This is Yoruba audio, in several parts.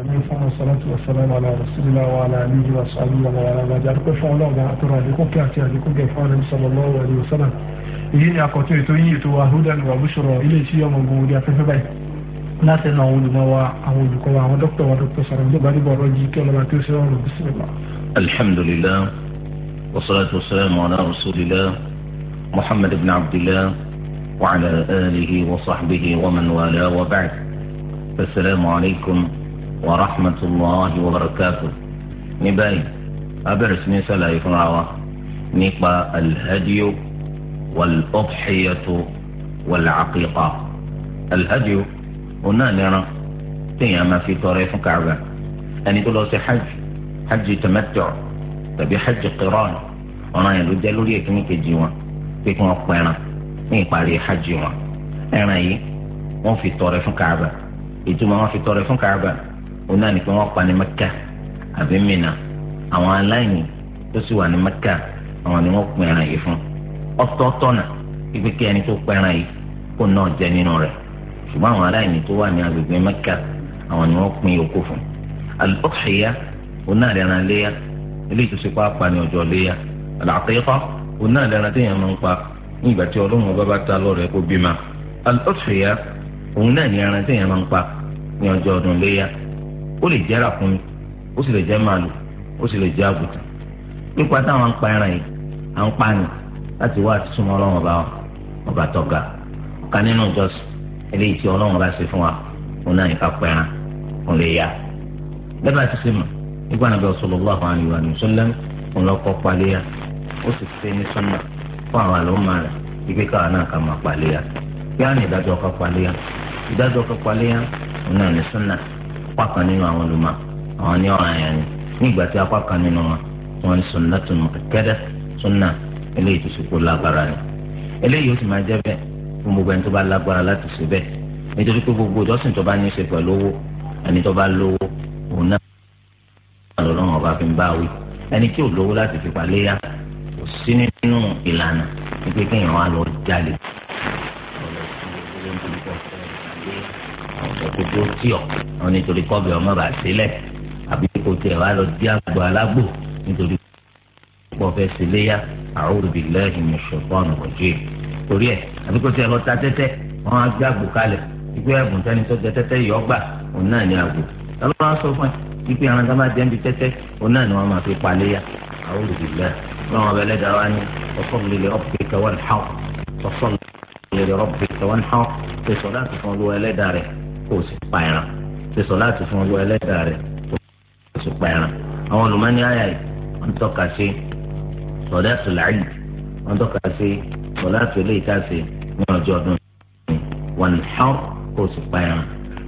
الحمد لله والصلاة والسلام على رسول الله محمد بن عبد الله وعلى آله وصحبه ومن والاه وبعد السلام عليكم ورحمة الله وبركاته نباي أبرس من يكون يفرعوا نيقا الهدي والأضحية والعقيقة الهدي هنا نرى ما في طريق كعبة أن يقول له حج حج تمتع تبي حج قران أنا يقول جلو لي كمي كجيوا كيكو أقوانا نيقا لي حجيوا أنا إيه ما في طريق كعبة إيه ما في طريق كعبة òun náà ní pé wọ́n pa ní mẹ́kà àbí mìíràn àwọn aláìní tó sì wà ní mẹ́kà àwọn ni wọ́n pín ẹran yìí fún ọ̀tọ̀ọ̀tọ̀ náà ibi kí ẹni tó pín ẹran yìí kó náà jẹ nínú rẹ̀ ṣùgbọ́n àwọn aláìní tó wà ní agbègbè mẹ́kà àwọn ni wọ́n pín yòókù fún al-udhiyah òun náà lẹ́ran léyà eléyìí tó ṣe pa apani ọjọ́ léyà al-aqiqah òun téèyàn máa ń pa ní ìgbà tí ọlọ́run ọba bá ta lọ́rẹ̀ẹ́ kó bímọ al-udhiyah òun téèyàn máa ń pa ní ọjọ́ ọdún léyà ó lè jẹ́ ràkúnmí ó sì lè jẹ́ malu ó sì lè jẹ́ àgùtàn nípa táwọn ń pa ẹran yìí à ń pa ni láti wá àti súnmọ́ ọlọ́run ọba ọba tọ́ga ọ̀ka nínú ìjọsìn eléyìí tí ọlọ́run ọba ṣe fún wa òun náà nípa pa ẹran òun lè yá lẹ́bàá ti ṣe mọ̀ nígbà náà bí sallallahu alaihi wa sallam òun lọ kọ́ ó sì ní sọ́nà fún àwọn rẹ̀ ibi káwa náà ká máa kí á ní ìdájọ́ ọkọ̀ ìdájọ́ ọkọ̀ òun náà ní apá kan nínú àwọn olùmọ̀ àwọn ní ọ̀ràn yẹn ni nígbà tí apá kan nínú wọn wọn ní sunna tó kẹkẹdẹ sunna eléyìí tó sì lágbára ni eléyìí ó sì máa jẹ bẹ́ẹ̀ fún gbogbo ẹni tó bá lágbára láti ṣe bẹ́ẹ̀ nítorí pé gbogbo ìjọsìn tó bá ní í ṣe pẹ̀lú owó ẹni tó bá lówó òun náà lọ́lọ́run ọba fi ń bá wí ẹni tí ò lówó láti fi paléyà kò sí nínú ìlànà wípé kéèyàn wá lọ jalè kò tó tí ọ wọn nítorí kọ́bẹ̀ ọmọ bá sílẹ̀ àbí kò tẹ̀ wá lọ dí àgbò alágbò nítorí pọ̀ fẹ́ sílé yá a'udhu billahi minash shaitanir rajim torí ẹ̀ àbí kò tẹ̀ lọ ta tẹ́tẹ́ wọn á gbé àgbò kalẹ̀ ìgbé ẹ̀bùn tẹ́ni tó jẹ tẹ́tẹ́ yọ gbà òun náà ní àgbò lọ́wọ́ wọn sọ fún ẹ ìgbé àwọn tó máa jẹ́ níbi tẹ́tẹ́ òun náà ni wọ́n máa fi palẹ̀ yá a'udhu billahi lọ́wọ́ ọbẹ̀ lẹ́dàá wa kò sì pa ẹran ṣe sọ láti fún ọlọ́ ẹlẹ́dàá rẹ̀ kò sì pa ẹran àwọn olùmọ́ni àyà yìí wọ́n tọ́ka sí sọ̀dá tùlàyì wọ́n tọ́ka sí sọ̀dá tùlẹ̀ ìtàsí ní ọjọ́ ọdún wọn hàn kò sì pa ẹran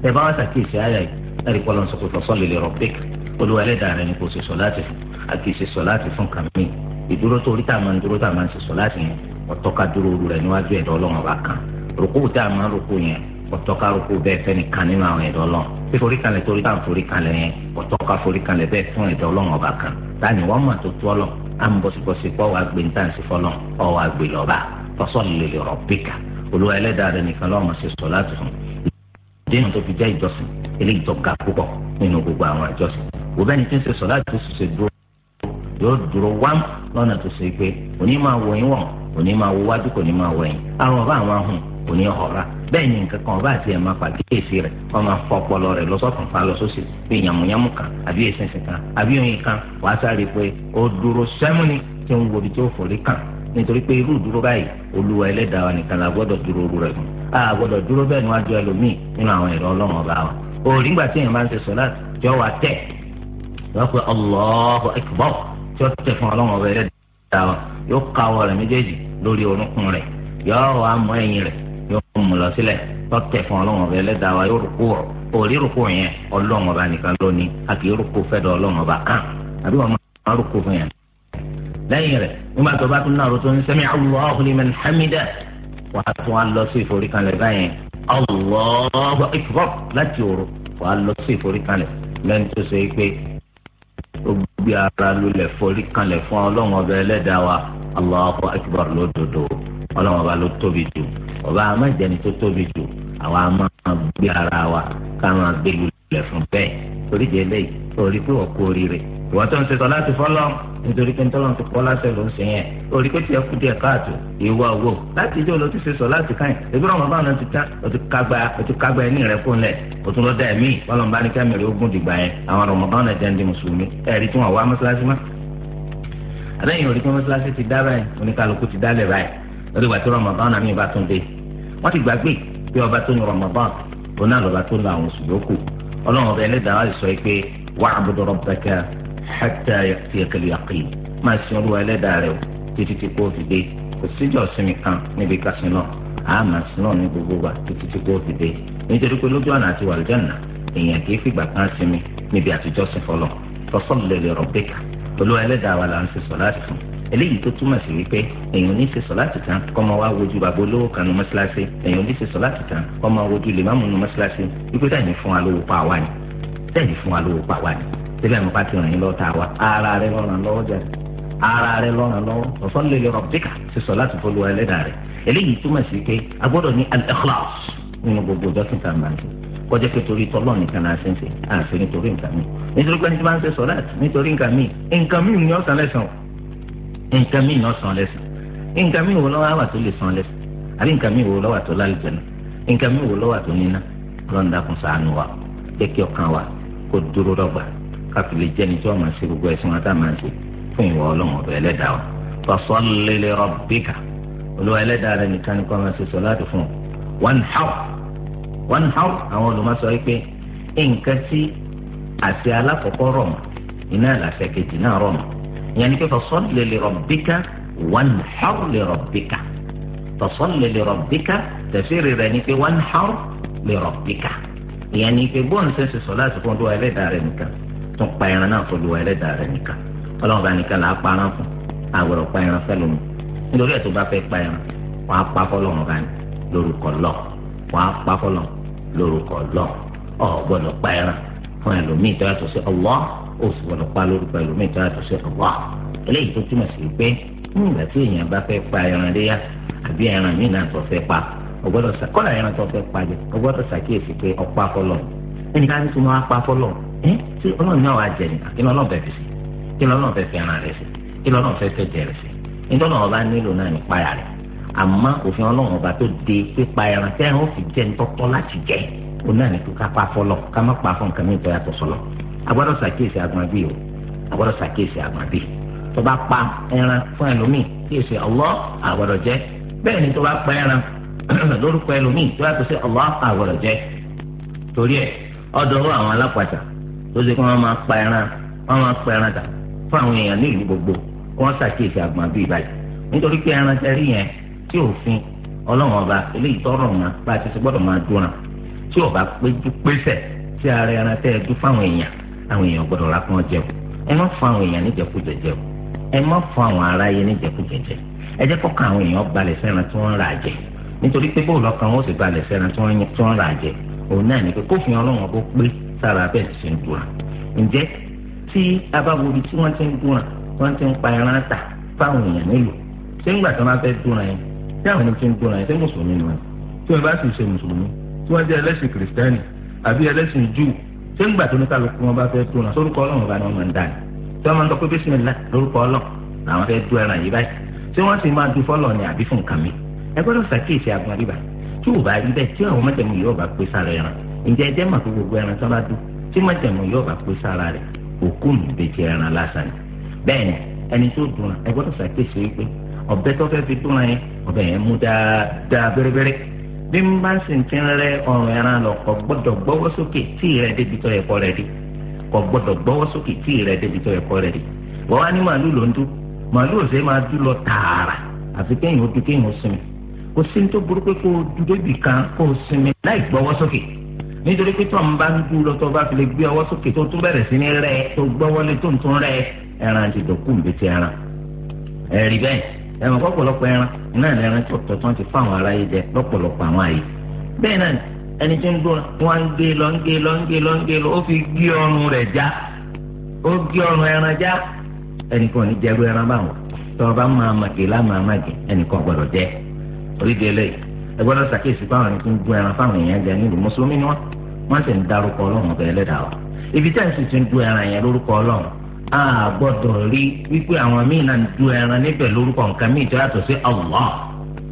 ẹ bá wọn ṣàkíyèsí àyà yìí láti kọ́ lọ́n sọ pé fọ́sọ́lì lè rọ̀ pẹ́ẹ́kì olúwa ẹlẹ́dàá rẹ̀ ni kò sì sọ láti fún àkíyèsí sọ láti fún kàmí ìdúró tó orí tá a máa ṣe sọ láti yẹn ọ̀tọ́ka dúró rẹ̀ níwájú ẹ̀dọ́ ọlọ́run ọba kan rògbò máa ń rògbò yẹn ọ̀tọ́kárùkù bẹ́ẹ̀ fẹ́nìkan nínú àwọn ẹ̀dọ́ lọ́n bí foríkalẹ̀ torí táwọn foríkalẹ̀ yẹn ọ̀tọ́ká foríkalẹ̀ bẹ́ẹ̀ fún ẹ̀dọ́ lọ́n ọba kan láàrin wọ́n mà tó tó ọlọ́ à ń bọ̀sibọ̀si pọ̀ wá gbé níta sí fọlọ́ ọ wá gbé lọ́ba fọsọ́lì lè rọ̀ bíkà olúwa ẹlẹ́dàá rẹ nìkan lọ́wọ́ mọ̀ sí sọ láti fún dénú tó fi jẹ́ ìjọsìn eléyìí tó ga púpọ̀ nínú gbogbo àwọn ìjọsìn wò ni tí ń ṣe sọ láti tó ṣe dúró yóò dúró wám lọ́nà tó ṣe pé òní máa wọ̀nyí wọ̀n òní kò ní máa wọ̀nyí àrùn ọba àwọn ahùn òní ọ̀họ́ra bẹ́ẹ̀ ni nǹkan kan ọba àti ẹ̀ máa pàkíyèsí rẹ̀ wọ́n máa fọ ọpọlọ rẹ̀ lọ́sọ̀tún pa lọ́sọ̀sì bí yàmùyàmù kan àbí èsìnsìn kan àbí oyin kan wàá sáré pé ó dúró sẹ́múnì tí ń wo ibi tí ó forí kàn nítorí pé irú dúró báyìí olúwa ẹlẹ́dàá wa nìkan la gbọ́dọ̀ dúró orú rẹ̀ fún a gbọ́dọ̀ dúró bẹ́ẹ̀ níwájú ẹlòmíì nínú àwọn ẹ̀rọ ọlọ́run ọba wa òòrì ńgbà tí èèyàn bá ń ṣe sọ́lá tí ó wà wa yóò yóò mú lọ sílẹ̀ tọ́tẹ̀ fún ọlọ́run ọba ẹlẹ́dàá wa yóò rúkú ọ̀ òrí rúkú yẹn ọlọ́run ọba nìkan lónìí a kì í rúkú fẹ́dọ̀ ọlọ́run ọba kan ah, àbí wọn máa rúkú fún yẹn. lẹ́yìn rẹ̀ nígbà tó bá tún náà rotó ń sẹ́mi Allahu liman hamida wàá tún wá lọ sí ìforíkanlẹ̀ báyẹn Allahu akbar láti òru wàá lọ sí ìforíkanlẹ̀ lẹ́yìn tó ṣe pé ó gbé ara lulẹ̀ foríkanlẹ̀ ọlọ́run ọba ló tóbi jù ọba amájẹni tó tóbi jù àwa máa gbé ara wa ká máa gbé lulẹ̀ fún bẹ́ẹ̀ torí jẹ́ lẹ́yìn torí pé wọ́n kú oríire ìwọ́n tó ń ṣe sọ́lá ti fọ́lọ́ nítorí pé ntọ́lọ́n ti kọ́ láṣẹ ló ń ṣe yẹn orí pé tiẹ̀ kú díẹ̀ káàtó ìwà owó láti ijó ló ti ṣe sọ láti káyìn ebi rọ̀mọ́ báwọn náà ti tán o ti kágbá o ti kágbá ẹni rẹ̀ kún lẹ̀ o tún lọ́ọ́ da ẹ̀mí bọ́lọ̀ ń bá ní kẹ́mìrì ogún dìgbà yẹn àwọn rọ̀mọ́ báwọn náà jẹ́ndé mùsùlùmí ẹ̀rí tí wọ́n wá mọ́ṣáláṣí má. àbẹ́yìn orí pé mọ́ṣáláṣí ti dá báyìí oníkàlùkù ti dálẹ̀ báyìí lórí ìgbà tí rọmọbọ́n àmì ìbá tún dé wọ́n ti gbàgbé pé ọba tó ní rọmọbọ́n òun náà lọ́ba tó ní àwọn oṣù yòókù ọlọ́run ọba ẹlẹ́dàá wà sọ pé wa'budu rabbaka hatta ya'tiyakal yaqin máa sin olúwa ẹlẹ́dàá rẹ o títí tí kò fi dé kò síjọ́ sinmi kan níbi kásìn náà àá máa náà ní gbogbo wa títí tí kò fi dé nítorí pé lójú ọ̀nà àti wàlùjọ́nà èèyàn kì í fìgbà kan sinmi níbi àtijọ́ sin fọlọ́ fa salli li rabbika olúwa ẹlẹ́dàá wa là ń ṣe sọ láti fún un eléyìí tó túmọ̀ sí wípé èèyàn ní í ṣe sọ̀láàtì tán kọ́mọ wá wojú bàbá olówó kan nu mọ́ṣáláṣí èèyàn ní í ṣe tán kọ́mọ wojú lèmámù nu mọ́ṣáláṣí wípé táyìn fún wa lówó pa àwa ni táyìn fún wa lówó pa àwa ni síbẹ̀ àwọn pàtì ràn yín lọ́wọ́ tá a wa ara rẹ lọ́ràn lọ́wọ́ jẹ́ ara rẹ lọ́ràn lọ́wọ́ ọ̀sán lè lè rọ̀ bíkà ṣe sọ̀láàtì fọlùwà ẹlẹ́dàá rẹ̀ eléyìí túmọ̀ sí pé a ní al-ikhlas nínú gbogbo ìjọsìn tá a máa ń ṣe kọjá pé torí tọ́lọ́ nìkan náà ṣe ń ṣe àṣẹ nítorí nǹkan mi nítorí pé ẹni tí wọ́n ń ṣe sọ̀láàtì nítorí nǹkan mi nǹkan mi ni ọ̀sán lẹ́sàn-án nǹkan míì náà san lẹ́sìn nǹkan míì wo lọ́wọ́ àwà tó lè san lẹ́sìn àbí nǹkan míì wo lọ́wọ́ àtó lálùjẹ̀nà nǹkan míì wo lọ́wọ́ àtó níná lọ́nà kún ṣàánú wa jẹ́ kí ọkàn wa kó dúró dọ́gba káfí lè jẹ́ni tí wọ́n máa ṣe gbogbo ẹ̀sìn wa tá a máa ṣe fún ìwọ ọlọ́run ọ̀bẹ ẹlẹ́dàá wa fasalli li rabbika olúwa ẹlẹ́dàá rẹ nìkan ni kò máa ṣe sọ̀láàtì fún wanhar wanhar àwọn olùmọ̀sọ yìí pé nǹkan tí àṣẹ alákọ̀ọ́kọ́ rọ̀ mọ́ iná àlàfẹ́ kejì náà rọ̀ mọ́ ìyẹn ni pé fasalli li rabbika wanhar li rabbika fasalli li rabbika tafsiri rẹ̀ ni pé wanhar li rabbika ìyẹn ni pé bóun ṣe ń ṣe sọ láti fún olúwa ẹlẹ́dàá rẹ̀ nìkan tún pa ẹran náà fún olúwa ẹlẹ́dàá rẹ̀ nìkan ọlọ́run bá nìkan là á pa ẹran fún àgbọ̀dọ̀ pa ẹran fẹ́ lómi nítorí ẹ̀ tó bá fẹ́ pa ẹran wàá pa fọlọ́run bá ní lórúkọ lọ wàá pa pa ẹran o sì gbọdọ̀ pa lórúkọ ẹlòmíì tó yàtọ̀ sí Allah eléyìí tó túmọ̀ sí pé ní ìgbà tí èèyàn bá fẹ́ pa ẹran léyà àbí ẹran míì náà tó fẹ́ pa ọgbọ́dọ̀ sà kọ́lá ẹran tó fẹ́ pa jẹ ọgbọ́dọ̀ sàkíyèsí pé ọ̀pá fọlọ́ ẹni ká ní tí wọ́n á pa fọlọ́ ẹ́ tí ọlọ́run náà wàá jẹ nìkan kí lọ́nà fẹ́ fi sí kí lọ́nà fẹ́ fi ẹran rẹ̀ sí kí lọ́nà fẹ́ fẹ́ jẹ rẹ̀ sí nítorí ọba nílò náà ní payà rẹ̀ àmọ́ òfin ọlọ́run ọba agbọ́dọ̀ ṣàkíyèsí agbọ̀n bí o agbọ́dọ̀ ṣàkíyèsí agbọ̀n bí tó bá pa ẹran fún ẹlòmíì kíyèsí ọlọ́ àgbọ́dọ̀ jẹ bẹ́ẹ̀ ni tó bá pa ẹran lórúkọ ẹlòmíì tó yàtọ̀ sí ọlọ́ àgbọ́dọ̀ jẹ torí ẹ ọdọọrọ àwọn alápàtà tó ṣe kí wọ́n máa pa ẹran wọ́n máa pa ẹran dà fún àwọn èèyàn ní ìlú gbogbo kí wọ́n ṣàkíyèsí agbọ̀n bí ìbàdí nítorí pé ẹran tẹrí yẹn tí òfin ọlọ́run ọba eléyìí tọrọ ma bá a ti ṣe gbọ́dọ̀ máa àwọn èèyàn gbọ́dọ̀ ra kán jẹun ẹ má fún àwọn èèyàn níjẹkújẹ jẹun ẹ má fún àwọn aráyé níjẹkújẹ jẹ ẹ jẹ́ kọ́kàn àwọn èèyàn balẹ̀ sẹ́ran tí wọ́n ń rà nítorí pé bóòlù ọkàn wọn ó sì balẹ̀ sẹ́ran tí wọ́n ń rà òun náà ni pé kófin ọlọ́wọ́n bó pé sára bẹ́ẹ̀ ti ń dùn ǹjẹ́ tí abáwòrì tí wọ́n ti ń dùn wọ́n ti ń pa ẹran ta fáwọn èèyàn nílùú ṣé ń dùn tí wọ́n bá sì ṣe ṣé ń gbà tó ní kálukú wọn bá fẹ́ tó náà sórúkọ ọlọ́run bá ní wọn máa ń dà ní tí wọ́n máa ń sọ pé bísímìlá lórúkọ ọlọ́run làwọn fẹ́ dú ẹran yìí báyìí tí wọ́n sì máa dún fọ́lọ̀ ni àbí fún nǹkan mi ẹ gbọ́dọ̀ ṣàkíyèsí agbọn bíbà tí ò bá rí bẹ́ẹ̀ tí àwọn mọ̀jẹ̀mú yóò bá pé sára ẹran ǹjẹ́ ẹjẹ́ mà pé gbogbo ẹran tó bá dún tí mọ̀jẹ̀mú yóò bá pé sára rẹ̀ òkú mi ẹran lásán bí n bá sì ti ń rẹ ọrùn ẹran lọ kò gbọ́dọ̀ gbọ́wọ́ sókè tí ìrẹ débi tó ẹkọ rẹ di kò gbọ́dọ̀ gbọ́wọ́ sókè tí ìrẹ débi tó ẹkọ rẹ di wọn wá ní màálù ló ń dú màálù ò máa dú lọ tààrà àfi kéèyàn ó dú kéèyàn ó sinmi kò sí ní tó burú pé kó o dú débi kan kó o sinmi láì gbọ́wọ́ sókè nítorí pé tó ń bá ń dú lọ tó bá fi lè gbé ọwọ́ sókè tó tún bẹ̀rẹ̀ sí ní rẹ tó gbọ́wọ́lé tó ń tún rẹ ẹran ti dọ̀kú ìbètè ẹran ẹ̀rí bẹ́ẹ̀ ẹ̀wọ̀n pọ̀pọ̀lọpọ̀ ẹran iná ẹran tí ọ̀tọ̀ tí wọ́n ti fáwọn aráyé jẹ lọ́pọ̀lọpọ̀ àwọn àyè bẹ́ẹ̀ náà ẹni tí ń dún wọn ń gé lọ ń gé lọ ń gé lọ ń gé lọ ó fi gé ọrùn rẹ̀ já ó gé ọrùn ẹran já ẹnìkan ní jẹ́rú ẹran báwọn tó ọba máa màgé lámàá màgé ẹnìkan gbọ́dọ̀ jẹ́ orídìí eléyìí ẹ gbọ́dọ̀ ṣàkíyèsí fáwọn ẹni tí ń dún ẹran fáwọn èèyàn jẹ nílùú mùsùlùmí ni wọ́n wọ́n sì ń darúkọ ọlọ́run ọ̀bẹ ẹlẹ́dàá wa ibi tẹ́ǹsì ti ń dún ẹran yẹn lórúkọ ọlọ́run a gbọ́dọ̀ rí wípé àwọn míì náà du ẹran níbẹ̀ lórúkọ nǹkan míì tó yàtọ̀ sí Allah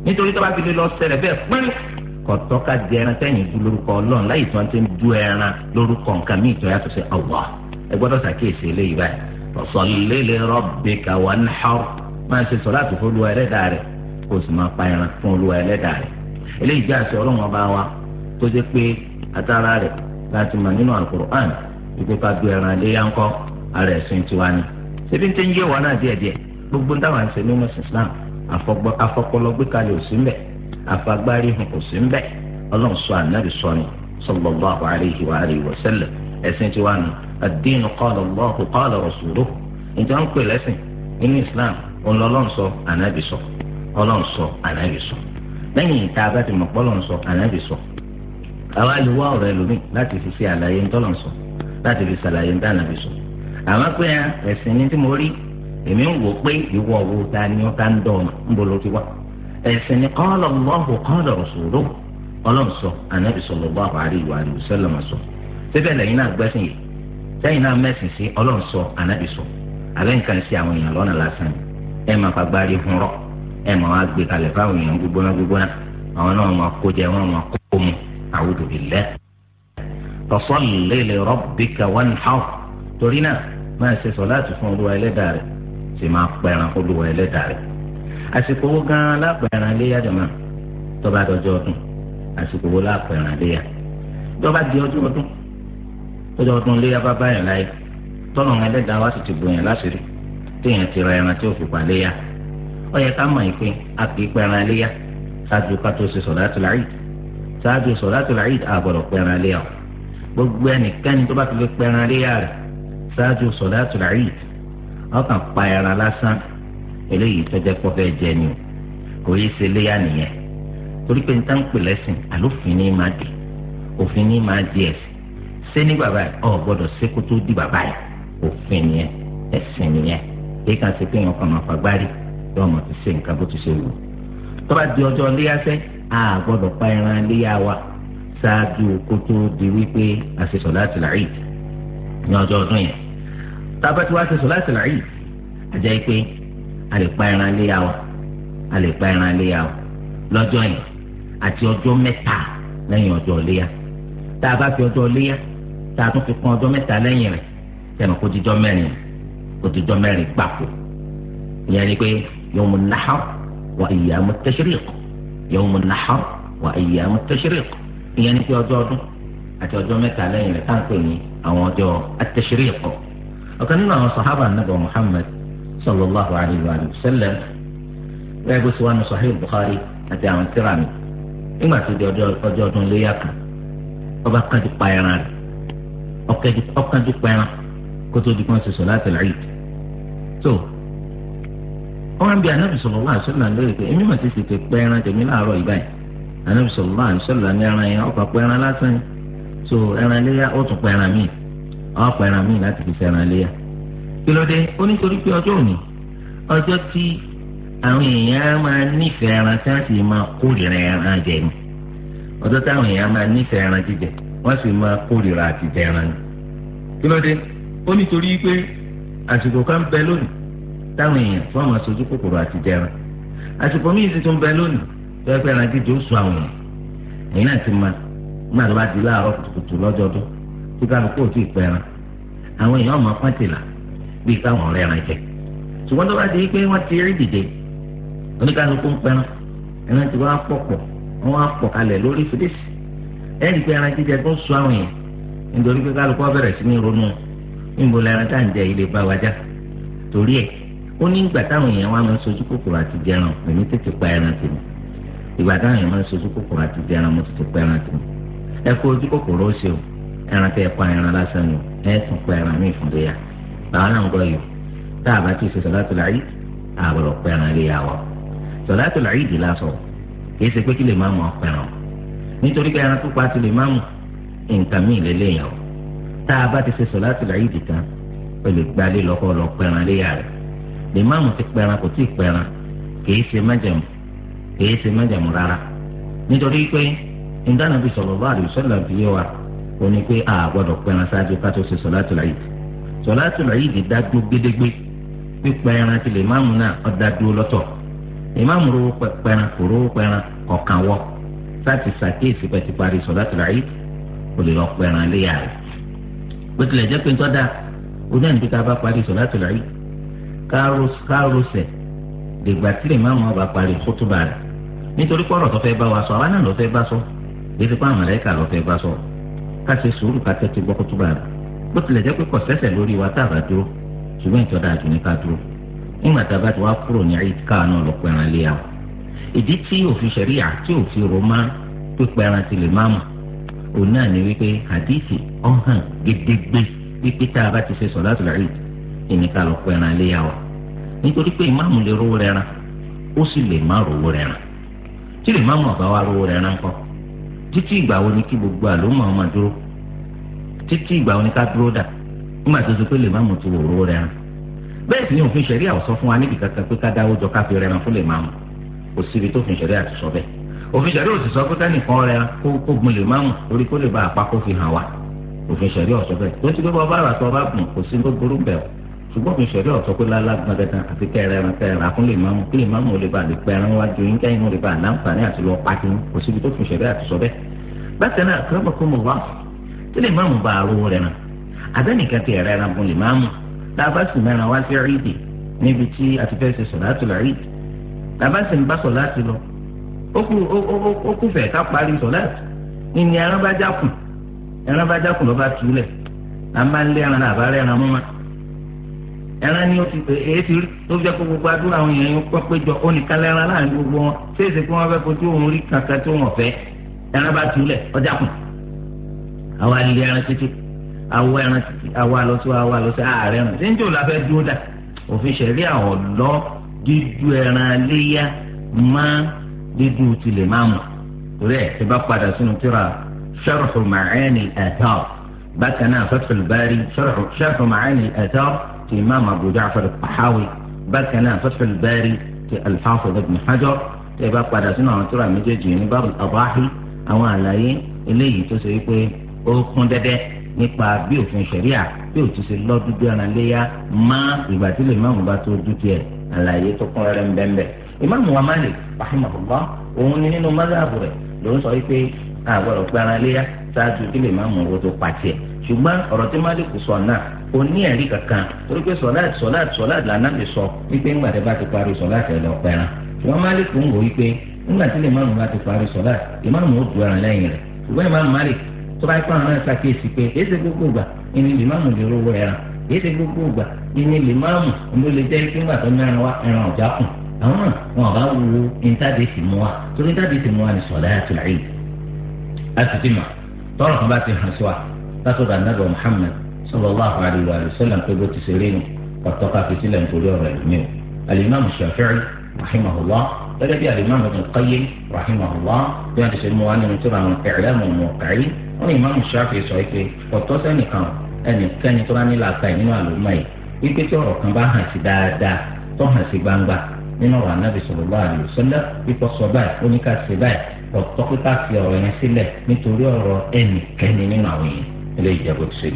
nítorí tó bá fi lè lọ ṣẹlẹ̀ bẹ́ẹ̀ pín kọ̀tọ́ ká di ẹran sẹ́yìn du lórúkọ ọlọ́run láyìí tí wọ́n ti ń du ẹran lórúkọ nǹkan míì tó yàtọ̀ sí Allah ẹ gbọ́dọ̀ ṣàkíyèsí eléyìí báyìí salli li rabbika wanhar máa ṣe sọ̀láàtì fún olúwa ẹlẹ́dàá rẹ̀ kó o sì máa pa ẹran fún olúwa ẹlẹ́dàá rẹ̀ eléyìí jẹ́ àṣẹ ọlọ́run ọba wa tó jẹ́ pé àtàrà rẹ̀ láti mọ̀ nínú Al-Qur'an wípé ká du ẹran léyà ńkọ́ ara ẹ̀sìn tiwa ni ṣebí ń tẹ́ ń yé wa náà díẹ̀díẹ̀ gbogbo táwọn àṣẹ ní mọ̀sán islam afọpọlọ gbé kalẹ̀ ò sí ń bẹ̀ afagbárí hàn kò sí ń bẹ̀ ọlọ́run sọ ànábì sọ ni sallallahu alayhi wa alihi wa sallam ẹ̀sìn tiwa ni ad-dinu qala Allahu qala rasuluhu ìjọ ń pè lẹ́sìn nínú islam ọlọ́run sọ ànábì sọ ọlọ́run sọ ànábì sọ lẹ́yìn ìta bá sọ àmọ́ pé ẹ̀sìn ni tí mo rí èmi ń wò pé ìwọ wo ta ni wọn ká ń dọ̀ ọ̀nà ń bolo ti wá ẹ̀sìn ni qala Allahu qala rasuluhu ọlọ́run sọ ànábì sallallahu alaihi wa sallam sọ síbẹ̀ lẹ́yìn náà gbẹ́sìn yìí sẹ́yìn náà mẹ́sìn sí ọlọ́run sọ ànábì sọ sí àwọn èèyàn lọ́nà lásán ẹ̀ máa fa gbárí fún rọ ẹ̀ máa wá gbé kalẹ̀ fáwọn èèyàn gbígbóná gbígbóná àwọn náà máa kó jẹ wọn máa kó mu torí náà máa ṣe sọ̀láàtì fún olúwa ẹlẹ́dàá rẹ̀ sì máa pẹ̀ràn olúwa ẹlẹ́dàá rẹ̀ àsìkò owó gan-an lápẹ̀ràn léyà jọ̀mọ́ tó dọjọ́ ọdún àsìkò owó lápẹ̀ràn léyà tó di ọjọ́ ọdún ọjọ́ ọdún léyà bá báyàn láyé tọ́nà wá sì ti bòyàn láṣìírí téèyàn ti ra ẹran tí ò fi pa léyà ó yẹ ká mọ̀ ìpín a pẹ̀ràn léyà ṣáájú ká tó ṣe ṣáájú sọ̀dáàtù láàyè ọkàn pa ẹran lásán eléyìí tọ́jẹ́ pọ̀ fẹ́ jẹ ni o kò yé ṣe léyà nìyẹn torí pé níta ń pè lẹ́sìn àlófin ní máa dé òfin ní máa di ẹ̀sìn ṣé ní bàbá yìí ọ̀ gbọ́dọ̀ ṣé kó tó di bàbá yìí òfin nìyẹn ẹ̀sìn nìyẹn èyí kan ṣe pé èèyàn kan máa fagbárí yóò mọ̀ ti ṣe nǹkan bó ti ṣe wù tó bá di ọjọ́ léyàṣẹ́ a gbọ́dọ̀ pa léyà wa ṣáájú kó tó di wípé àṣeṣọ̀ láti làárídì ní ọjọ́ ọdún yẹn tábà tí wàá ṣe sọláṣẹ láàyè àjẹ́ pé a lè pa ẹran léyà wa a lè pa ẹran léyà wa lọ́jọ́ yẹn àti ọjọ́ mẹ́ta lẹ́yìn ọjọ́ léyà tá a bá fi ọjọ́ léyà tá tún fi kún ọjọ́ mẹ́ta lẹ́yìn rẹ̀ tẹ̀mọ̀ kó jíjọ́ mẹ́rin kó jíjọ́ mẹ́rin gbàpọ̀ ìyẹn ni pé yawmu nahar wa ayyamu tashriq yawmu nahar wa ayyamu tashriq ìyẹn ni pé ọjọ́ ọdún àti ọjọ́ mẹ́ta lẹ́yìn rẹ̀ táǹpẹ̀ ní àwọn ọjọ́ at-tashriq ọ̀kan nínú àwọn sàhábà nàbà Muhammad sallallahu alayhi wa sallam bẹ́ẹ̀ bó ti wá ní Sahih Bukhari àti àwọn tíra mi nígbà tó di ọjọ́ ọdún léyà kan ọba kájú pa ẹran rẹ̀ ọkájú pa ẹran kótó di kan ṣe solatul Eid tó wọn bí anabi sallallahu alaihi lórí pé èmi mà ti ṣètò ẹran tèmi láàárọ̀ ìbáyìí anabi sallallahu alaihi ní ẹran yẹn ọkọ pẹ lásán yìí. so ẹran iléyà ó tún pẹran ọ pẹran míì láti fi ṣẹran iléyà kí ló dé ó pé ọjọ́ òní ọjọ́ tí àwọn èèyàn máa nífẹ̀ẹ́ ẹran tí wọ́n sì máa kórìíra ẹran jẹ ni ọjọ́ táwọn èèyàn máa nífẹ̀ẹ́ ẹran jíjẹ wọ́n sì máa kórìíra àti jẹ ẹran ni kí ló dé ó pé àsìkò kan bẹ lónìí táwọn èèyàn fún àwọn aṣojú kòkòrò àti jẹ ẹran àsìkò míì sì tún bẹ lónìí tó ẹgbẹ́ ẹran jíjẹ ó sọ àwọn nígbà tó bá di láàárọ̀ kùtùkùtù lọ́jọ́ tí kálukú ò tí ì pẹran àwọn èèyàn ọmọ pọ́ńtìlà bíi káwọn ọ̀rẹ́ ẹran jẹ ṣùgbọ́n tó bá di pé wọ́n ti rí dìde oníkálukú ń pẹran ẹran ti wá pọ̀ pọ̀ wọ́n wá pọ̀ kalẹ̀ lórí ẹnì pé ẹran jíjẹ tó ń sọ àwọn yẹn nítorí pé kálukú sí ní ronú níbo lẹran tá ń jẹ ilé bá torí ó ní ìgbà táwọn èèyàn wá máa ń sojú ẹ kó ojú kòkòrò ó ṣe o ẹran tẹ ẹ pa ẹran lásán ni o ẹ tún pa ẹran míì fún léyà báwa náà ń gbọ́ yìí o tá a bá ti ṣe sọ̀látù láyé àbọ̀rọ̀ pa ẹran léyà wa sọ̀látù láyé dì lásọ kì í ṣe pé kí lè máa mọ̀ ọ́ pẹ̀ràn nítorí pé ẹran tó pa ti lè máa mọ̀ nǹkan míì lélẹ́yìn o tá a bá ti ṣe sọ̀látù láyé dì kan o lè gbalé lọ́kọ́ lọ pẹ̀ràn léyà rẹ̀ lè máa mọ̀ ti pẹ̀ràn kò tí ì pẹ̀ràn kì í ṣe májẹ̀mú kì í ṣe májẹ̀mú rárá nítorí pé bi bí sallallahu alaihi wasallam bi yé wa ó ní pé a gbọ́dọ̀ pẹran ṣáájú ká tó ṣe sọ̀látù láyìí sọ̀látù láyìí ti dá dúró gédégbé pípa ẹran ti lè máàmù náà ọ̀dà dúró lọ́tọ̀ ìmáàmù rówó pẹran kò rówó pẹran ọ̀kan wọ láti ṣàkíyèsí pẹ̀tì parí sọ̀látù láyìí kò lè lọ pẹran léyà rẹ̀ bó tilẹ̀ jẹ́ pé ń tọ́ da oní àná bíi ká bá parí sọ̀látù láyìí kárọ̀sẹ̀ dìgbà tí lè máàmù ọba parí kótóbà rẹ̀ nítorí pọ́rọ̀ tó fẹ́ bá wa sọ àwa náà ló fẹ́ bá sọ èsì pa àmàlẹ́kà lọ́fẹ́ bá sọ̀rọ̀ ká ṣe sùúrù ká tẹ́tí gbọ́ kótó bá bó tilẹ̀ jẹ́ pé kò sẹ́sẹ̀ lórí wa tá a bá dúró ṣùgbọ́n ìtọ́da àjò ní ká dúró nígbà tá a bá ti wá kúrò ní ayé káà náà lọ pẹ̀ràn lé àwọn. ìdí tí òfin ṣẹ̀ríyà tí òfin rò máa ti lè máa mọ̀ òun náà ni wípé àdìsí ọ̀hàn gédégbé wípé tá a bá ti ṣe sọ̀láàtù láàyè ìní ká tí lè má títí ìgbà wo ni kí gbogbo àlómọ ọmọ dúró títí ìgbà wo ni ká dúró dà nígbà tó ti pé lè má mú ti wòró rẹ hàn bẹ́ẹ̀ sì ni òfin ṣẹ̀rí àwòsàn fún wa níbi kankan pé ká dáwọ́ jọ ká fi rẹran fún lè má mú kò síbi tó fin ṣẹ̀rí àti sọ bẹ́ẹ̀ òfin ṣẹ̀rí òsì sọ pé kánìkan rẹ kó gun lè má mú orí kó lè ba àpá kó fi hàn wá òfin ṣẹ̀rí ọ̀sọ́ bẹ́ẹ̀ tó ti pé bọ́ bá rà tó bá gùn kò sí gbogbo rúbẹ̀ ṣùgbọ́n mi ṣẹ̀dá ọ̀sọ́ pé lálágbọ́n dandan àti kẹrẹ ẹran kẹrẹ ẹran fún lè máa mú kí lè máa mú olè bá lè pẹ ẹran wájú yín kẹ́yìn olè bá láǹfààní àti lọ pàtì yín kò síbi tó fi ṣẹ̀dá àti sọ bẹ́ẹ̀. bákan náà kírọ́bà kó mọ̀ wá kí lè máa mú bá aró rẹ̀ ràn àdánìkan ti ẹ̀rẹ́ ẹran fún lè máa mú lábá sì mẹ́ran wá sí rídì níbi tí a ti fẹ́ ṣe sọ̀láàtì rídì ẹran ni ó ti èyí ti rí ló fi jẹ́ kó gbogbo àdúrà àwọn èèyàn yóò pẹ́ péjọ ó nìkan lẹ́ran láàrin gbogbo wọn ṣéèṣì kí wọ́n fẹ́ kojú òun rí kankan tó wọ́n fẹ́ ẹran bá túlẹ̀ ọjà kù. àwa lè ẹran títí àwọ ẹran títí àwa lọ sí àwa lọ sí ààrẹ ẹran ṣé ń jò la fẹ́ dúró dà òfin ṣẹ̀rí àwọn lọ dídú ẹran léyà má dídú tilẹ̀ máa mọ̀ torí ẹ̀ ti bá padà sínú tíra sharh ti imam abu ja'far al فتح الباري في fathul bari ti al-hafiz ibn hajar tẹ bá padà sínú àwọn tóra méjèèjì ní bábù àbáhí àwọn àlàyé eléyìí tó ṣe wípé ó kún dẹ́dẹ́ nípa bí òfin ṣẹ̀ríà bí òtún ṣe lọ́dún bí ọ̀nà léyà má ìgbà tí lè máàmù bá tó dúdú ẹ̀ àlàyé tó kún rẹ̀ ń bẹ́ẹ̀ bẹ́ẹ̀. ìmáàmù wa Malik rahimahullah òun ni nínú mọ́sáàbù rẹ̀ ló ń sọ wípé àgbọ̀dọ̀ pé ọ̀nà léyà ṣáájú kí lè máàmù owó tó pàtì ṣùgbọ́n ọ̀rọ̀ tí Malik sọ náà kò ní ẹ̀rí kankan torí pé sọláàtì sọláàtì sọláàtì là náà sọ wípé ńgbà tẹ bá ti parí sọláàtì ẹ̀ lọ pẹ́ran wọn Málíkì ń wò wípé ńgbà tí lè bá ti parí sọláàtì ìmáàmù ó dùn ẹran lẹ́yìn rẹ̀ ṣùgbọ́n ìmáàmù Málíkì tó bá pààrọ̀ náà ṣàkíyèsí pé èyí gbogbo ìgbà ìní lè máàmù lè rówó ẹran èyí gbogbo ìgbà ìní lè wa a sallallahu alaihi wa sallam pé bó ti ṣe rí ni ọ̀tọ́ ká fi sílẹ̀ nítorí ọ̀rọ̀ ẹ̀mí o alimami shafi'i rahimahullah gẹ́gẹ́ bí alimami ibn qayyim rahimahullah bí wọ́n ti ṣe mú wa nínú tíra àwọn i'lam al-muwaqqi'in wọ́n ní imam shafi'i sọ pé ọ̀tọ́ sẹ́nìkan ẹnìkẹ́ni tó bá ní làákà nínú àlùmọ́ yìí wípé tí ọ̀rọ̀ kan bá hàn sí dáadáa tó hàn sí gbangba nínú ọ̀rọ̀ anábì sallallahu alaihi wasallam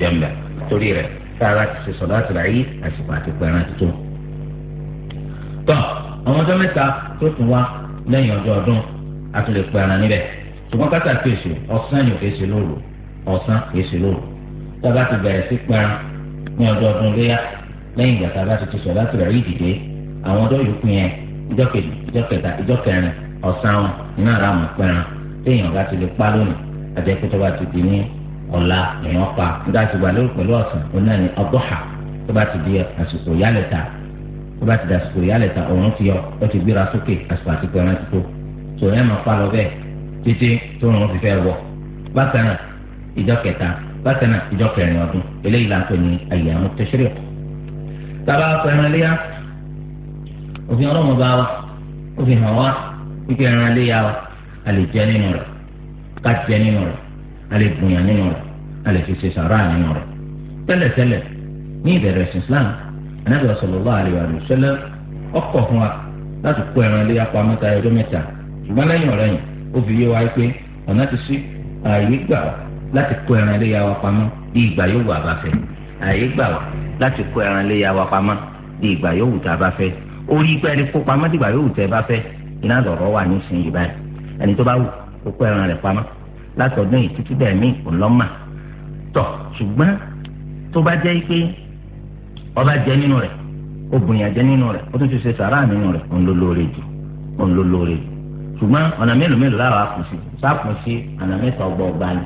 pípọ̀ torí rẹ̀ sára ti ṣe sọ̀dọ̀ àti ràyè àsìkò àti pẹ̀rẹ̀ àti tó. tọ́ àwọn ọjọ́ mẹ́ta tó tún wá lẹ́yìn ọjọ́ ọdún a tún lè pẹ̀rẹ̀ níbẹ̀ ṣùgbọ́n kátà fèsì ọ̀sán yóò fèsì lóru ọ̀sán fèsì lóru tá a bá ti bẹ̀rẹ̀ sí pẹ̀rẹ̀ ní ọjọ́ ọdún léyà lẹ́yìn ìgbà tá a bá ti ti sọ̀dọ̀ àti ràyè dìde àwọn ọjọ́ yòókù yẹn ìjọ kejì ìjọ kẹta ìjọ kẹrin ọ̀sán wọn iná àrà mọ̀ pẹ̀rẹ̀ téèyàn bá ti lè pa lónìí ọ̀la èèyàn pa nígbà tí wà lórí pẹ̀lú ọ̀sán òun náà ní ọgọ́ha tó bá ti di àsìkò yálẹ̀ta tó bá ti di àsìkò yálẹ̀ta òun ti yọ ó ti gbéra sókè àsìkò àti pẹ̀lú ẹran tó tó yẹn máa pa lọ bẹ́ẹ̀ títí tó rùn fi fẹ́ wọ̀ bákan náà ìjọ kẹta bákan náà ìjọ kẹrin ọdún eléyìí là ń pè ní àyàmú tẹsírì tábà bá wa òfin a lè gbìyàn nínú rẹ̀ a lè fi ṣe a nínú rẹ̀ tẹ́lẹ̀tẹ́lẹ̀ ní ìbẹ̀rẹ̀ ẹ̀sìn Islam Ànábì sallallahu alaihi wa sallam fún wa láti kó ẹran ilé apamọ́ta ẹjọ́ mẹ́ta ṣùgbọ́n lẹ́yìn ọ̀rẹ́ yìí ó fi yé wa pé ọ̀nà ti sí ààyè gbà wá láti kó ẹran ilé yàwá pamọ́ bí ìgbà yóò wù ààyè gbà wá láti kó ẹran ilé yàwá pamọ́ bí ìgbà yóò wù orí ipa látọ̀dún yìí títí bẹ́ẹ̀ mí kò lọ́mà tọ̀ ṣùgbọ́n tó bá jẹ́ pé ọba jẹ nínú rẹ̀ obìnrin àjẹ nínú rẹ̀ ó tún ti ṣe sàrà nínú rẹ̀ òun ló lóore jù òun ló lóore jù ṣùgbọ́n ọ̀nà mélòó mélòó láwọn ọ̀nà mẹ́ta ọgbà ni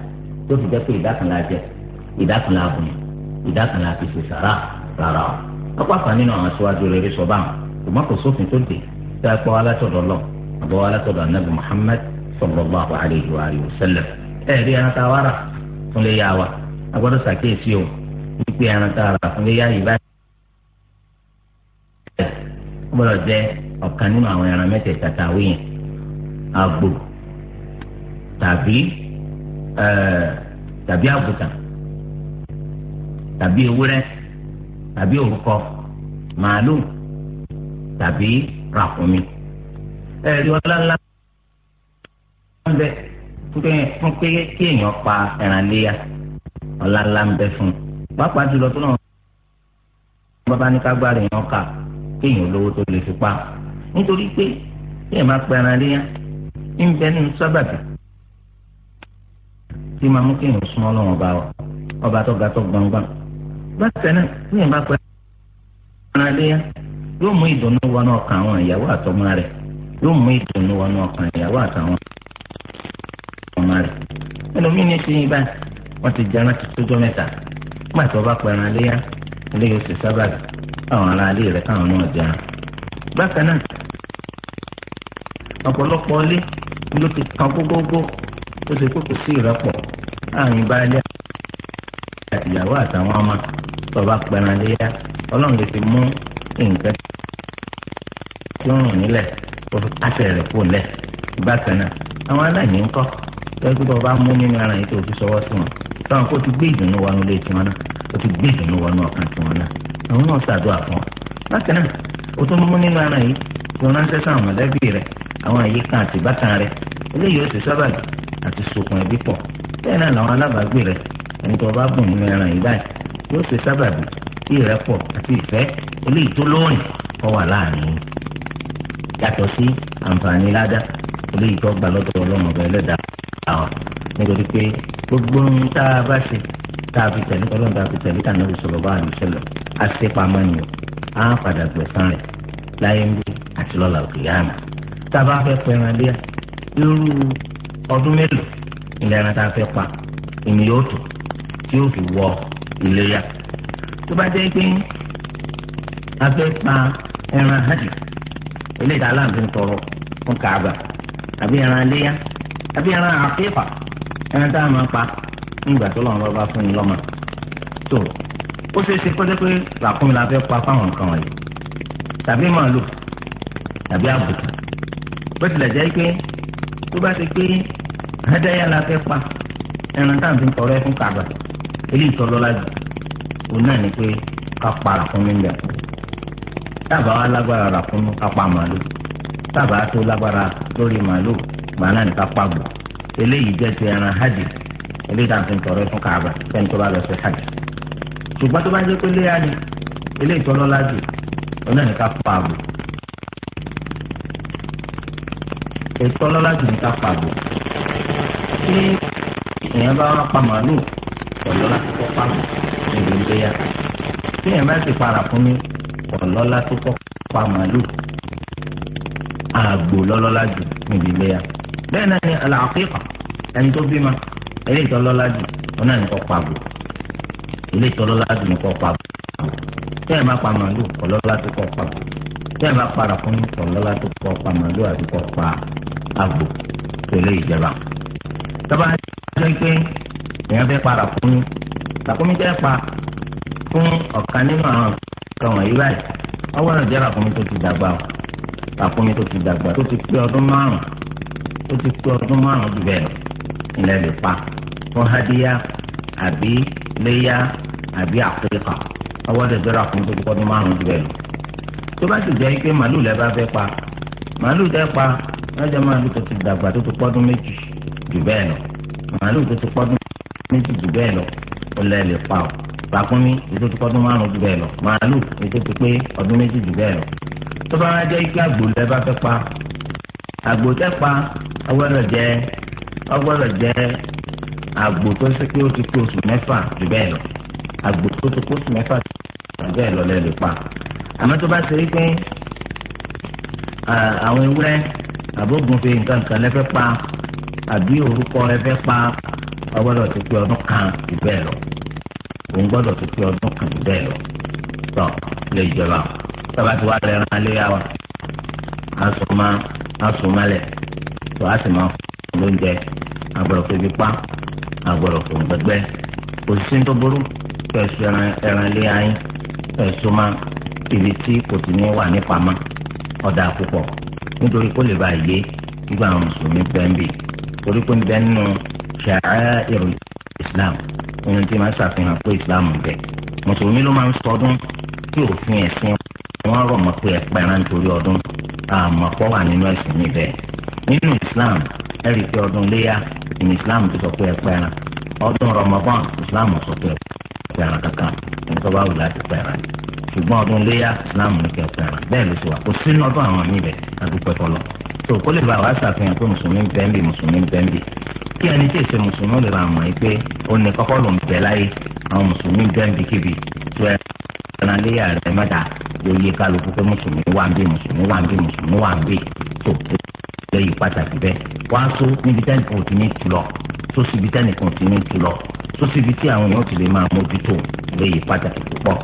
tó fi jẹ́ pé ìdákanlá jẹ ìdákanlá bùn ìdákanlá fi ṣe sàrà rárá o ọ̀pọ̀ àfà nínú àwọn aṣáájú sallallahu alayhi wa sallam ẹ rí ẹran tá a wá rà fún lè yá wa a gbọ́dọ̀ ṣàkíyèsí o wípé ẹran tá a rà fún lè yá yìí báyìí ó gbọ́dọ̀ jẹ́ ọ̀kan nínú àwọn ẹran mẹ́tẹ̀ẹ̀ta tá a wí yẹn àgbò tàbí tàbí àgùtàn tàbí ewúrẹ́ tàbí òrúkọ màálù tàbí ràkúnmí ẹ rí ọlá ń bẹ fún pé kí èèyàn pa ẹran léyà ọ̀la ńlá ń bẹ fún un pàápàá jùlọ tó náà bàbá ní ká gbára èèyàn kà kí èèyàn lówó tó lè fi pa nítorí pé kí èèyàn máa pa ẹran léyà ń bẹ nínú sábàbí tí ọba wa ọba tó ga tó náà kí èèyàn ọmọ onye ẹlòmíì ní ti yín báyìí wọ́n ti jẹun láti tójọ́ mẹ́ta nígbà tí wọ́n bá pẹ̀rẹ̀ aléyá ilé yóò sábàbí ará alé káwọn náà bákan náà ọ̀pọ̀lọpọ̀ ilé ló ti kan gógógó kókò sí àtàwọn ọmọ tó bá aléyá tẹ́lifí tó o bá mú nínú ẹran yìí tó fi sọwọ́ sí wọn táwọn kó o ti gbé ìdùnnú wọnú ilé tiwọn náà o ti gbé ìdùnnú wọnú ọkàn tiwọn náà àwọn náà ṣàdúrà fún ọ náà o tún mú nínú ẹran yìí tó o ránṣẹ́ sáwọn rẹ àwọn àyíká àti rẹ eléyìí ó sì àti sokùn ẹbí pọ̀ bẹ́ẹ̀ náà làwọn alábàágbé rẹ ẹni tó bá bùn nínú yìí báyìí yóò àti ìfẹ́ eléyìí tó kọ́ wà láàrin yàtọ̀ sí àwọn nítorí pé gbogbo ń tá a bá ṣe tá a fi tẹ̀lé ọlọ́run tá a fi tẹ̀lé tànà ìṣòro bá àlùsọ lọ á ṣe pamọ́ ni o á padà gbẹ̀sán rẹ̀ láyé ń bí àti lọ́la òkè yáàmà tá a bá fẹ́ pẹran díẹ̀ irú ọdún mélòó ilẹ̀ ẹran tá a fẹ́ pa ìní yóò tó tí yóò fi wọ ìléyà tó bá jẹ́ pé a fẹ́ pa ẹran hajj eléyìí tá a láǹfin tọrọ fún Kaaba àbí ẹran léyà àbí ẹran àfífà ẹran tá a máa pa nígbà tó lọ́wọ́ bá fún ni lọ́mọ tó ó ṣeé ṣe kọ́jọ́ pé làkúnmi la fẹ́ pa fáwọn nǹkan wọ̀nyí tàbí màálù tàbí àbùkù bó tilẹ̀ jẹ́ pé tó bá ti pé ẹ̀ẹ́dẹ́yà la fẹ́ pa ẹran tá à ń fi ẹ fún kàgbà eléyìí tọ́ lọ́la jù òun náà ni pé ká pa làkúnmi ń bẹ̀ tábà wa lágbára làkúnmi ká pa màálù tábà tó lágbára lórí màálù gbàánà nìkan pàgbò eléyìí jẹ́ ti ẹran hajj eléyìí tàbí tọrọ fún kaaba fẹ́ni tó bá lọ sí hajj ṣùgbọ́n tó bá jẹ́ pé léyà ni eléyìí tọ́ lọ́la jù ọ̀nà nìkan pàgbò ètò ọlọ́lá jù nìkan pàgbò tí èèyàn bá wá pa màálù ọ̀lọ́lá tó kọ́ pàgbò níbi léyà tí èèyàn bá ti para fún mi ọ̀lọ́lá tó kọ́ pa màálù àgbò lọ́lọ́lá jù níbi léyà bẹ́ẹ̀ náà ni àlàáfíà ẹni tó bímọ ilé ìtọ́lọ́lá jù wọn náà ní kọ́ pàbò ilé ìtọ́lọ́lá jù ní kọ́ pàbò tẹ́ẹ̀ máa pa màálù ọlọ́lá tó kọ́ pàbò tẹ́ẹ̀ máa para fún ọlọ́lá tó kọ́ pa màálù àti kọ́ pa àgbò tẹ̀lé ìjẹba. tọ́ba jẹ́ pé èèyàn fẹ́ para fún tàkúmí jẹ́ pa fún ọ̀kan nínú àwọn kan wọ̀nyí báyìí ọwọ́ náà jẹ́ ràkúmí tó ti dàgbà ràkúmí tó ti dàgbà tó ti pé ọdún márùn-ún ó ti pé ọdún márùn-ún jù bẹ́ẹ̀ ilẹ̀ lè pa fún hadiya àbí léyà àbí àpéka ọwọ́ dẹ̀dọ́rà fún tó ti pé ọdún márùn-ún jù bẹ́ẹ̀ lọ. tó bá ti jẹ́ pé màálù lẹ́ bá fẹ́ pa màálù tẹ́ pa lọ́jọ́ màálù tó ti dàgbà tó ti pọ́dún méjì jù bẹ́ẹ̀ lọ màálù tó ti pọ́dún méjì jù bẹ́ẹ̀ lọ ó lẹ́ lè pa ọ́ bàkúnmí ètò tó pọ́dún márùn jù bẹ́ẹ̀ lọ màálù ètò tó ọdún méjì jù bẹ́ẹ̀ lọ tó bá wá jẹ́ ike àgbò lẹ́ bá fẹ́ pa àgbòtẹ́pa ọgbọ́dọ̀ jẹ́ ọgbọ́dọ̀ jẹ́ àgbò tó ṣe pé ó ti pé oṣù mẹ́fà jù bẹ́ẹ̀ lọ àgbò tó ti pé oṣù mẹ́fà jù bẹ́ẹ̀ lọ lẹ́nu pa àmọ́ tó bá ṣe é pé àwọn ewúrẹ́ àbógun nǹkan kan lẹ́fẹ́ pa àbí orúkọ ẹfẹ́ pa ọgbọ́dọ̀ ti pé ọdún kan jù bẹ́ẹ̀ lọ òun gbọ́dọ̀ ti pé ọdún kan jù bẹ́ẹ̀ lọ tọ́ lè jọba tọ́ba ti wá lẹ́ran alẹ́ yá wa a sọ asùnmalẹ̀ tó a sì máa fún lóúnjẹ agbọ̀dọ̀ febi pa agbọ̀dọ̀ fún gbẹgbẹ́ òṣìṣẹ́ tó burú pẹ̀sù ẹran ilé ayé pẹ̀sù máa ibi tí kò ti ní wà ní pamọ́ ọ̀dà púpọ̀ nítorí kó lè bá yé gbígbà àwọn mùsùlùmí pẹ́ńbì torí pé ń bẹ́ nínú sha'air islam ohun tí máa ṣàfihàn pé islam ń bẹ mùsùlùmí ló máa ń sọdún tí òfin ẹ̀sìn wọn rọ̀ mọ́ pé ẹ̀pẹ̀rẹ̀ nítorí ọdún àmọ́ pọ́ wà nínú ẹ̀sìn mi bẹ́ẹ̀ nínú islam ẹ rí i pé ọdún léyà ní islam ti sọ pé ẹ pẹran ọdún rọmọbọ́n islam sọ pé ẹ pẹran kankan ẹni tó bá wù láti pẹran ṣùgbọ́n ọdún léyà islam ní kẹ pẹran bẹ́ẹ̀ ló ti wà kó sínú ọdún àwọn mi bẹ́ẹ̀ adúpẹ́ kọlọ tó kó lè bá wa ṣàfihàn pé mùsùlùmí bẹ́ẹ̀nbì mùsùlùmí bẹ́ẹ̀nbì kí ẹni tí èsè mùsùlùmí lè ra àmọ́ yìí pé ó ní kọ́kọ́ lòún bẹ̀ láyé àwọn mùsùlùmí bẹ́ẹ̀nbì kíbi tó ẹ jẹ́ oyè kálukú pé mùsùlùmí wà ń bí mùsùlùmí wà ń bí mùsùlùmí wà ń bí tó lẹ́yìn pàtàkì bẹ́ẹ̀ wá só níbi tẹ́ni kan ò ti ní tu lọ tó síbi tẹ́ni kan ò ti ní tu lọ tó síbi tí àwọn èèyàn ti lè máa mójútó lẹ́yìn pàtàkì púpọ̀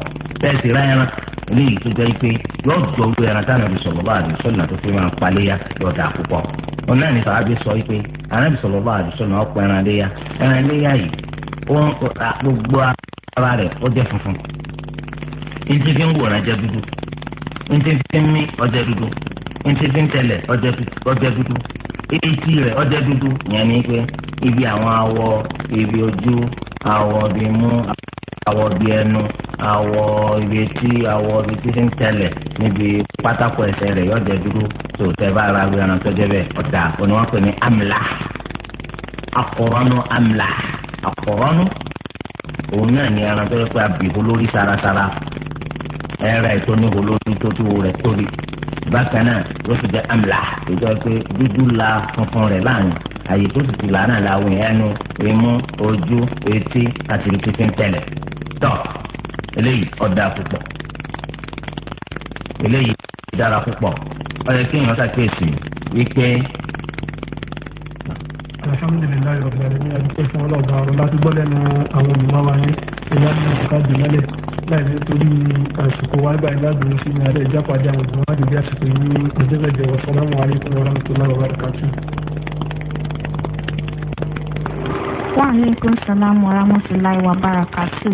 bẹ́ẹ̀ sì ráyẹran eléyìí tó jẹ́ pé yóò jọ olú ẹran táwọn ẹbí sọ̀rọ̀ bá àdùsọ̀nà tó fi máa paléyà lọ́dà púpọ̀ wọn náà ní sàábí sọ pé àrẹ́bí sọ̀rọ̀ bá àdùsọ̀nà ọ̀pọ̀ ẹran léyà ẹran léyà yìí gbogbo ara rẹ̀ ó jẹ́ funfun ntí fi ń wòran jẹ dúdú ntí fi ń mí ọjẹ dúdú ntí fi ń tẹlẹ ọjẹ dúdú etí rẹ ọjẹ dúdú yẹn ni pé ibi àwọn awọ ibi ojú awọ ibi mú awọ ibi ẹnu awọ ibi etí awọ ibi tí fi ń tẹlẹ níbi pátákó ẹsẹ̀ rẹ yọjẹ dúdú tó tẹ bá ara rẹ ẹran tó bẹ́ẹ̀ ọdà oníwàpẹ ní amla akọrọnu amla akọrọnu òun náà ní ẹran tó yẹ pé abìbó lórí sarasara ẹ̀rọ ètò níbo lórí tó tó rẹ̀ tóbi bákan náà ló ti jẹ́ amla ìjọ pé dúdú la funfun rẹ̀ láàrin àyè tó sì ti lànà làwọn ẹnu imú ojú etí àti ibi títí ń tẹ̀lẹ̀ tọ́ eléyìí ọ̀dà púpọ̀ eléyìí dára púpọ̀ ọ̀yẹ́ kí èèyàn ṣàkíyèsí wípé. alhamdulilayi rabbil alamin a dúpẹ́ fún ọlọ́ọ̀bá ọ̀rọ̀ láti gbọ́ lẹ́nu àwọn olùmọ̀wá yẹn ìyá mi ò ká jù lálẹ́ láì nítorí àsìkò wa báyìí ládùúgbò sí ní adé ìjápàdé àwọn ìgbìmọ̀ láti bí àsìkò yìí ọ̀dẹ́gbẹ̀jẹ̀ wàsálàmù alaykum wa rahmatullahi wa barakatuh. wa aleykum salaam wa rahmatullahi wa barakatuh.